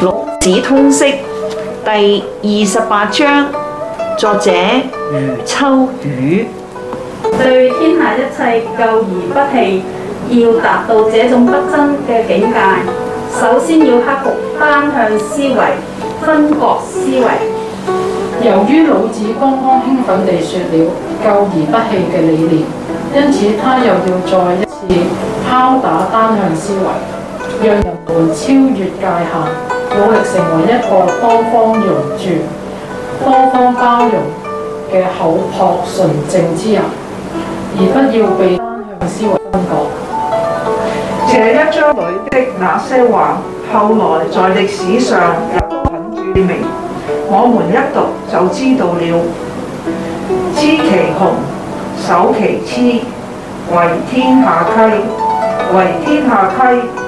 六子通識》第二十八章，作者余如秋雨。如對天下一切救而不棄，要達到這種不爭嘅境界，首先要克服單向思維、分割思維。由於老子剛剛興奮地說了救而不棄嘅理念，因此他又要再一次拋打單向思維。讓人們超越界限，努力成為一個多方容住、多方包容嘅厚樸純正之人，而不要被單向思維分割。這一章裏的那些話，後來在歷史上有很著名，我們一讀就知道了。知其雄，守其雌，為天下溪，為天下溪。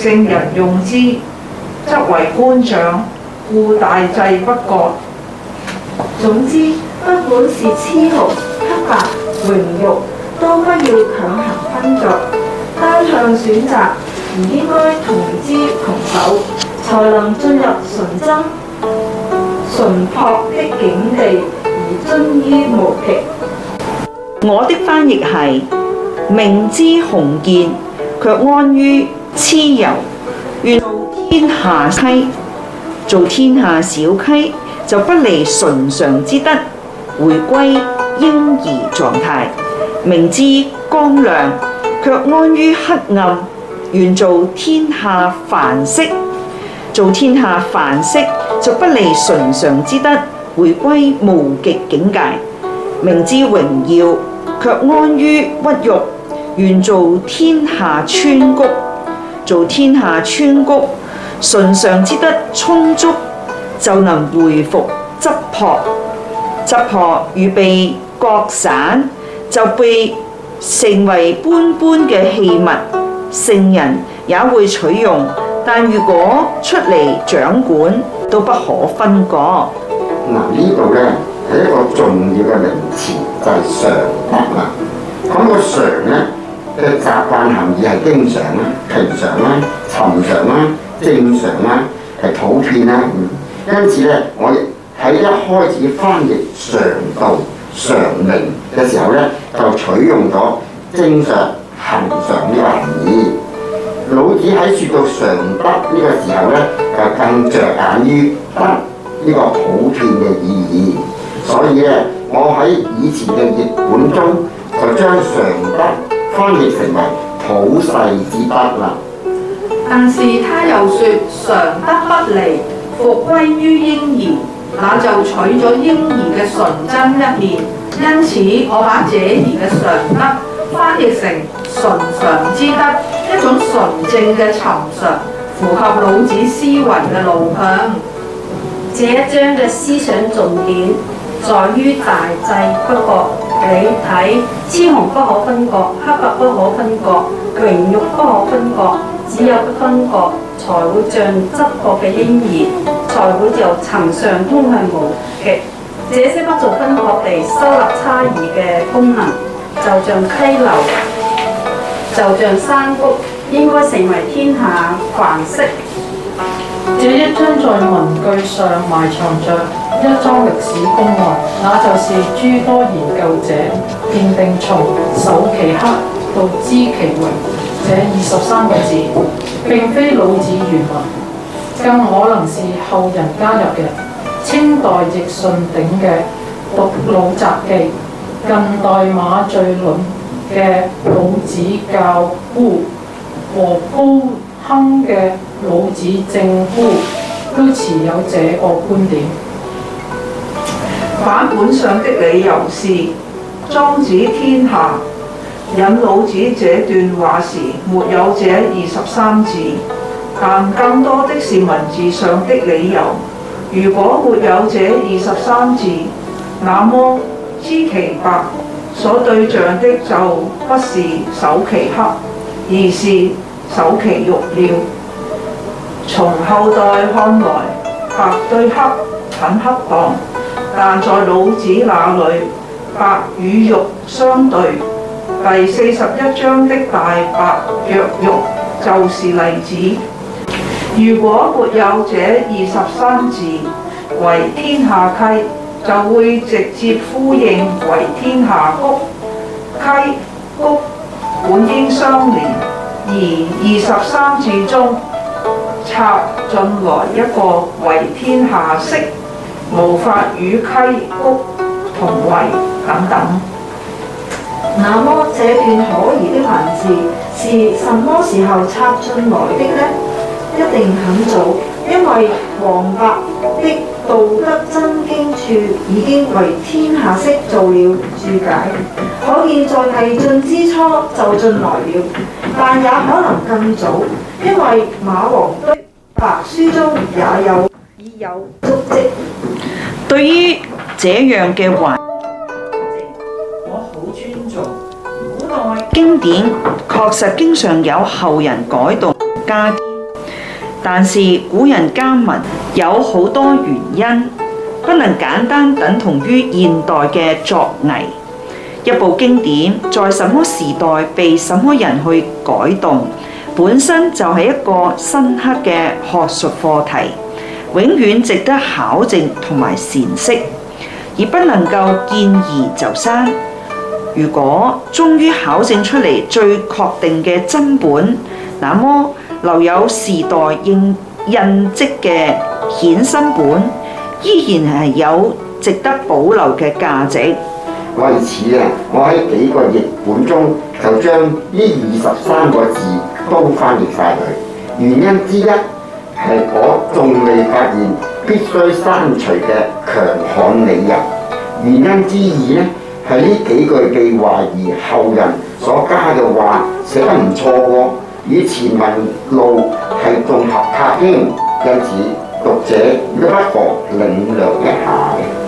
聖人用之，則為官長，故大制不割。總之，不管是雌雄、黑白、榮辱，都不要強行分作單向選擇，唔應該同知同守，才能進入純真、淳樸的境地，而臻於無極。我的翻譯係：明知雄健，卻安於。雌？柔願做天下溪，做天下小溪，就不離尋常之德，回歸嬰兒狀態。明知光亮，卻安於黑暗，願做天下範式。做天下範式，就不離尋常之德，回歸無極境界。明知榮耀，卻安於屈辱，願做天下川谷。做天下川谷，唇上之德充足，就能回復質樸；質樸預備割散，就被成為般般嘅器物。聖人也會取用，但如果出嚟掌管，都不可分割。嗱，呢度咧係一個重要嘅名詞，就係、是、常德。咁、啊、個常咧？嘅習慣含義係經常啦、平常啦、尋常啦、正常啦，係普遍啦。因此咧，我喺一開始翻譯常道、常名嘅時候咧，就取用咗正常、恒常嘅含義。老子喺説到常德呢個時候咧，就更着眼於德呢個普遍嘅意義。所以咧，我喺以前嘅譯本中就將常德翻譯成為普世之德啦，但是他又說常德不離，復歸於嬰兒，那就取咗嬰兒嘅純真一面，因此我把這兒嘅常德翻譯成純常之德，一種純正嘅尋常，符合老子思維嘅路向。這一章嘅思想重點在於大制不割。你睇，雌雄不可分割，黑白不可分割，榮辱不可分割，只有不分割，才會像執破嘅嬰兒，才會由塵上通向無極。這些不做分割地收納差異嘅功能，就像溪流，就像山谷，應該成為天下範式。這一章在文具上埋藏着，一樁歷史公案，那就是諸多研究者認定從「守其黑」到「知其榮」這二十三個字，並非老子原文，更可能是後人加入嘅。清代易順鼎嘅《讀老札記》，近代馬敘倫嘅《老子校詁》，和高亨嘅《老子正詁》都持有這個觀點。版本上的理由是《莊子天下》引老子這段話時沒有這二十三字，但更多的是文字上的理由。如果沒有這二十三字，那麼知其白所對象的就不是守其黑，而是守其欲了。從後代看來，白對黑很恰當。但在老子那裏，白與辱相對，第四十一章的大白若辱，就是例子。如果沒有這二十三字，為天下溪，就會直接呼應為天下谷，溪谷本應相連，而二十三字中插進來一個為天下式。無法與溪谷同為等等。那麼，這段可疑的文字是什麼時候插進來的呢？一定很早，因為王弼的《道德真經注》已經為天下式做了註解，可見在魏晉之初就進來了，但也可能更早，因為馬王堆帛書中也有。有。對於這樣嘅話，我好尊重。古代經典確實經常有後人改動、加添，但是古人加文有好多原因，不能簡單等同於現代嘅作偽。一部經典在什麼時代被什麼人去改動，本身就係一個深刻嘅學術課題。永遠值得考證同埋辨識，而不能夠見而就生。如果終於考證出嚟最確定嘅真本，那麼留有時代印印跡嘅顯身本，依然係有值得保留嘅價值。為此，啊，我喺幾個譯本中就將呢二十三個字都翻譯返去。原因之一。係我仲未發現必須刪除嘅強悍理由，原因之二呢係呢幾句被懷疑後人所加嘅話寫得唔錯喎，以前文路係仲合拍添，因此讀者不妨領略一下。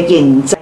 認真。